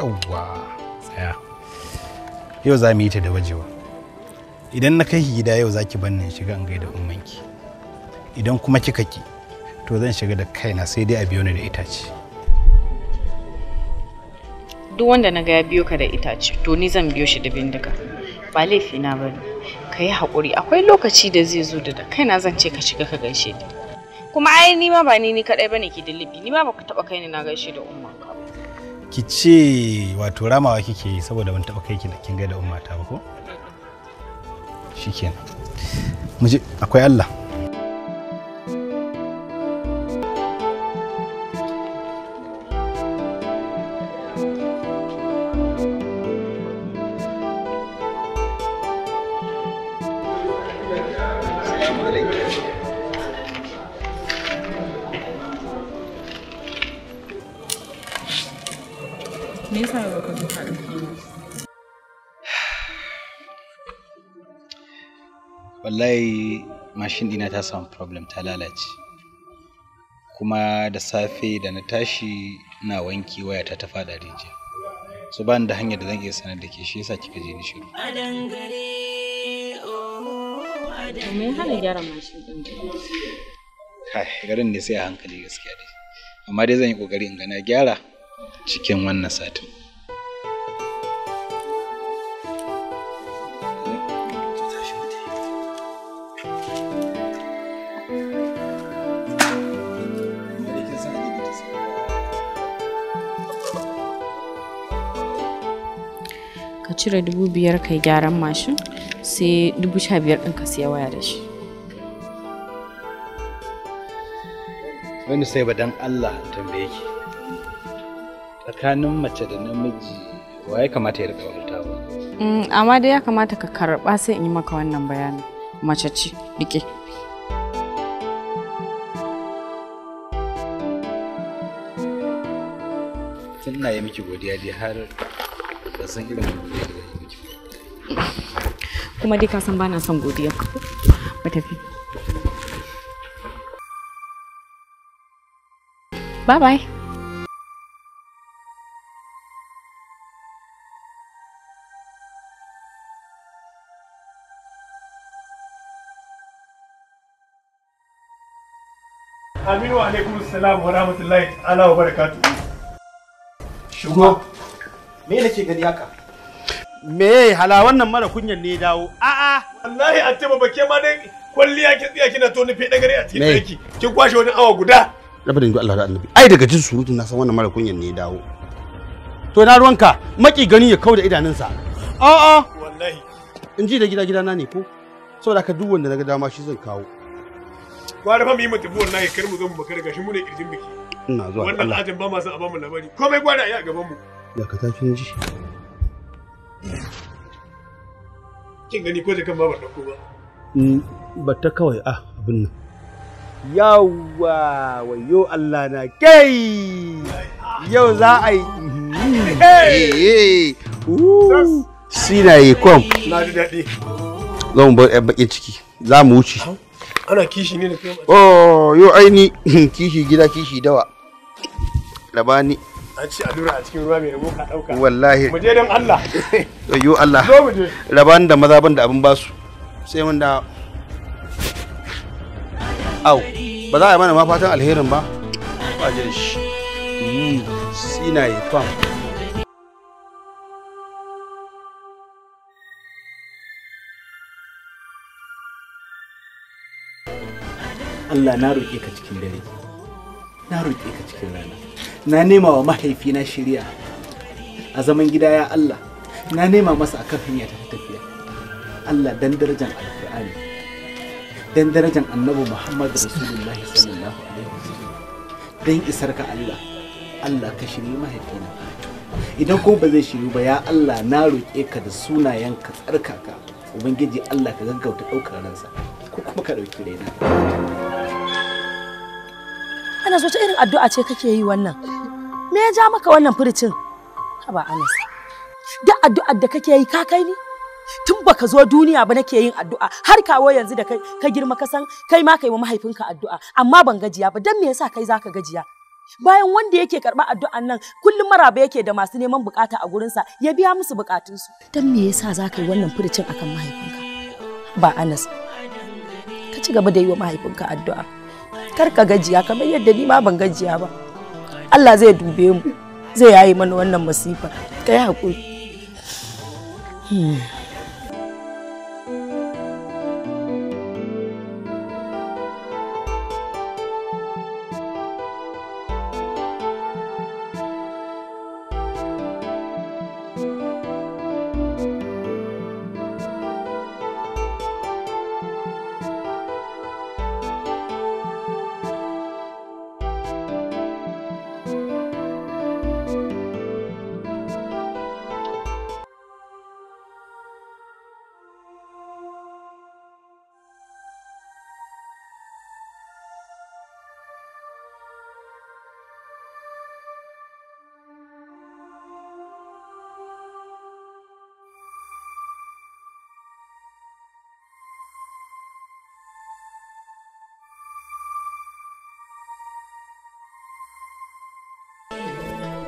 yawwa tsaya yau za mu yi ta da wajewa idan na kai gida yau za ki bannin shiga in gaida ummanki idan kuma kika ki to zan shiga da kaina sai dai a biyo ni da itace duk wanda na ga ya biyo ka da itace to ni zan biyo shi da bindiga ba laifi na bane ka yi haƙuri akwai lokaci da zai zo da kaina zan ce ka shiga ka gaishe ni kuma ai ni ma ba ni ni kadai bane ke dalibi, ni ma ba ka taba kai ni na gaishe da ummanka ki ce wato ramawa kike yi saboda ban taɓa kai ki kin gaida ummata ba ko shikenan muje akwai Allah me yasa ba ka zo da ɗauke wallahi mashin dina ta samu problem ta lalace kuma da safe da na tashi ina wanki waya ta ta fada rijiya so ba da hanyar da zan iya sanar da ke shi yasa kika je ni shiru me hana gyara mashin din kai garin ne sai a hankali gaskiya dai amma dai zan yi kokari in ga gyara cikin wannan satin ka cire dubu biyar ka gyaran mashin sai dubu sha biyar ɗin ka siya waya da shi. Wani sai ba dan Allah tambaye ki. tsakanin mace da namiji wa ya kamata ya rika wata ba mm, amma dai ya kamata ka karɓa sai in yi maka wannan bayanin mace ce rike tun na yi miki godiya dai har da san irin godiya da yi miki kuma dai ka san ba na son godiya ba tafi bye bye Aminu alaikum salam wa rahmatullahi ala wa barakatuh. Shugo. Me nake gani haka? Me hala wannan mara kunyan ne dawo. A'a. Wallahi an taba bake ma dai kwalliya ki tsiya kina to nufe dagare a cikin aiki. Kin kwashe wani awa guda. Rabbin Allah da Annabi. Ai daga jin surutun na san wannan mara kunyan ne dawo. To na ruwanka maki gani ya kauda idanunsa. A'a. Wallahi. In ji da gida gida na ne ko? Saboda ka duk wanda na ga dama shi zan kawo. gwara fa mu yi mata buwan nayi kar mu zo mu makara gashi mu ne kirjin biki ina zuwa wannan ajin ba ma san a ba labari komai gwara ayi a gaban mu da ka tafi ji kin gani ko da kan babar dauko ba mm, ba ta kawai a ah, abin nan yawwa wayo Allah na kai yau za a yi sinaye kom na ji daɗi zan bar baƙin ciki za mu wuce ana kishi ne da kai oh yo aini hmm, kishi gida kishi dawa labani an ci allura a cikin ruwa mai rabo ka dauka wallahi mu je dan Allah yo Allah zo mu je labani da maza ban da abin basu sai mun da au ba za a yi mana mafatan alherin ba ba ji yi shi sina yi fam Allah na roƙe ka cikin dare na roƙe ka cikin rana na nema wa mahaifina shirya a zaman gida ya Allah na nema masa a kan hanya ta tafiya Allah dan darajar alƙur'ani dan darajar annabi Muhammad Rasulullahi sallallahu alaihi wasallam dan isar ka Allah Allah ka shirye mahaifina idan ko ba zai shiru ba ya Allah na roƙe ka da sunayen ka tsarkaka ubangiji Allah ka gaggauta ɗaukar ransa ko kuma ka ɗauki raina so ta irin addu'a ce kake yi wannan? Me ya ja maka wannan furicin? Haba Anas. Duk addu'ar da kake yi ka kai ni? Tun baka zo duniya ba nake yin addu'a har kawo yanzu da kai ka girma ka san kai ma kai wa mahaifinka addu'a amma ban gajiya ba dan me yasa kai zaka gajiya? Bayan wanda yake karɓar addu'an nan kullum maraba yake da masu neman bukata a gurinsa ya biya musu bukatunsu. Dan me yasa za ka yi wannan furucin akan mahaifinka? Ba Anas. Ka ci gaba da yi wa mahaifinka addu'a. kar ka gajiya kamar yadda ni ma ban gajiya ba Allah zai dube mu zai yayi mana wannan masifa kai hakuri hmm.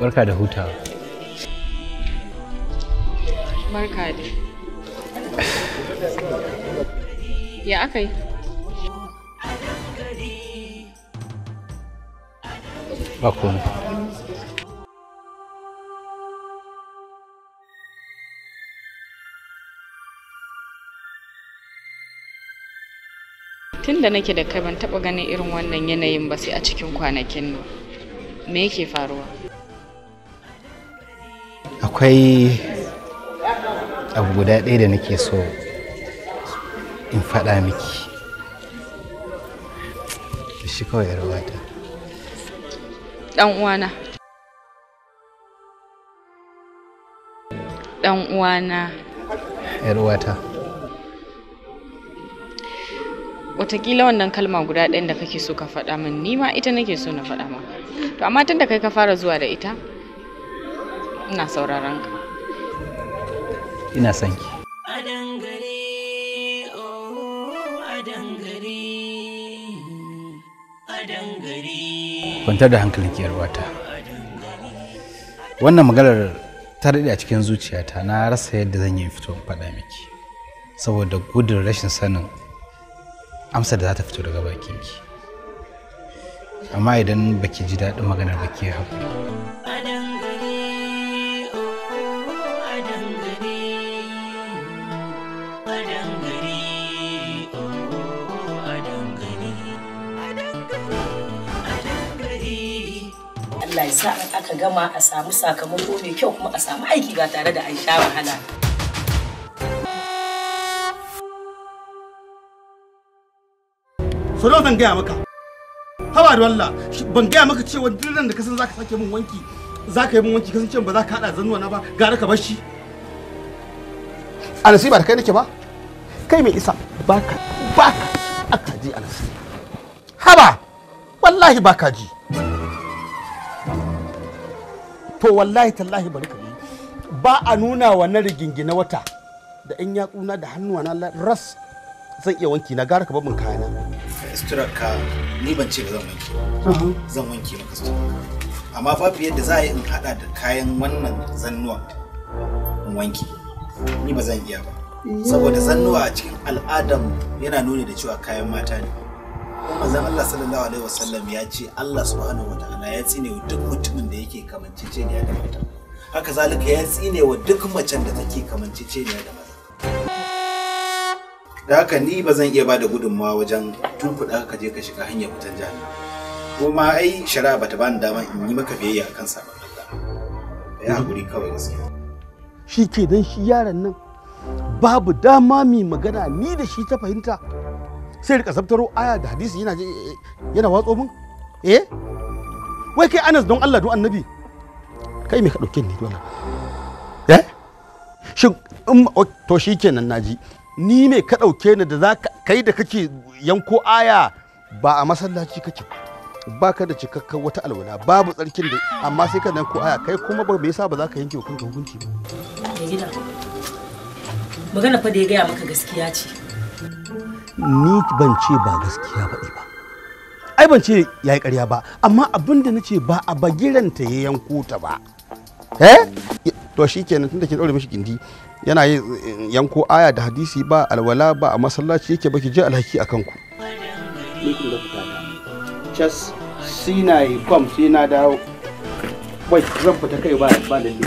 barka da hutawa barka da ya aka yi ba tun da nake da kai ban taɓa ganin irin wannan yanayin ba sai a cikin kwanakin nan me yake faruwa akwai abu guda ɗaya da nake so in faɗa miki shi kawai yarwata ɗan uwana ɗan uwana yarwata watakila wannan kalma guda ɗaya da kake so ka faɗa min ni ma ita nake so na faɗa maka to amma tun da kai ka fara zuwa da ita ina sauraron ka ina son ki oh, kwantar da hankalin ki yarwata wannan maganar ta daɗe a cikin zuciyata na rasa yadda zan yi fito faɗa miki saboda gudun rashin sanin amsa da za ta fito daga bakin ki amma idan baki ji daɗin maganar baki ya haƙuri Allah ya sa in aka gama a samu sakamako mai kyau kuma a samu aiki ba tare da an sha wahala. Solo zan gaya maka. Hawa da wallah ban gaya maka cewa duk da ka san zaka sake min wanki zaka yi min wanki kasan cewa ba za ka hada zanuwa na ba gara ka bar shi. Alasi ba da kai nake ba? Kai mai isa baka baka aka ji alasi. Haba wallahi baka ji. to wallahi tallahi bari ka ba a nuna wa na rigingine wata da in yatsuna da na ras zan iya wanki na gara ka babin kayana suturar ka ni ban ce ba zan wanke zan wanke maka su amma babu yadda za a yi in hada da kayan wannan zannuwa in wanke ni ba zan iya ba saboda zannuwa a cikin al'adam yana nuni da cewa kayan mata ne manzon Allah sallallahu alaihi wasallam ya ce Allah subhanahu wataala ya tsine duk mutumin da kamanceceniya da mata haka zalika ya tsine wa duk macen da take kamanceceniya da maza da haka ni ba zan iya ba da gudunmawa wajen tun tunkuɗa ka je ka shiga hanyar wutan jami kuma ai shari'a bata bani dama in yi maka biyayya a kan sabon Allah ya haƙuri kawai gaskiya shi ke dan shi yaron nan babu dama mai magana ni da shi ta fahimta sai rika zabtaro aya da hadisi yana yana watso min eh wai kai anas don Allah don annabi kai me ka dauke ni dole eh shin in to shikenan naji ni me ka dauke ni da zaka kai da kake yanko aya ba a masallaci kake ba ka da cikakken wata alwala babu tsarkin da amma sai ka yanko aya kai kuma ba me yasa ba zaka yanke hukuncin hukunci ba gida magana fa da ya gaya maka gaskiya ce ni ban ce ba gaskiya ba ba ai ban ce ya yi ƙarya ba amma abin da na ce ba a bagiranta ya yanko ta ba eh to shi kenan tun da ke ɗaure mishi gindi yana yanko aya da hadisi ba alwala ba a masallaci yake baki je alhaki a kanku sinaye kwam sai na dawo wai zan fita kai ba ba lalle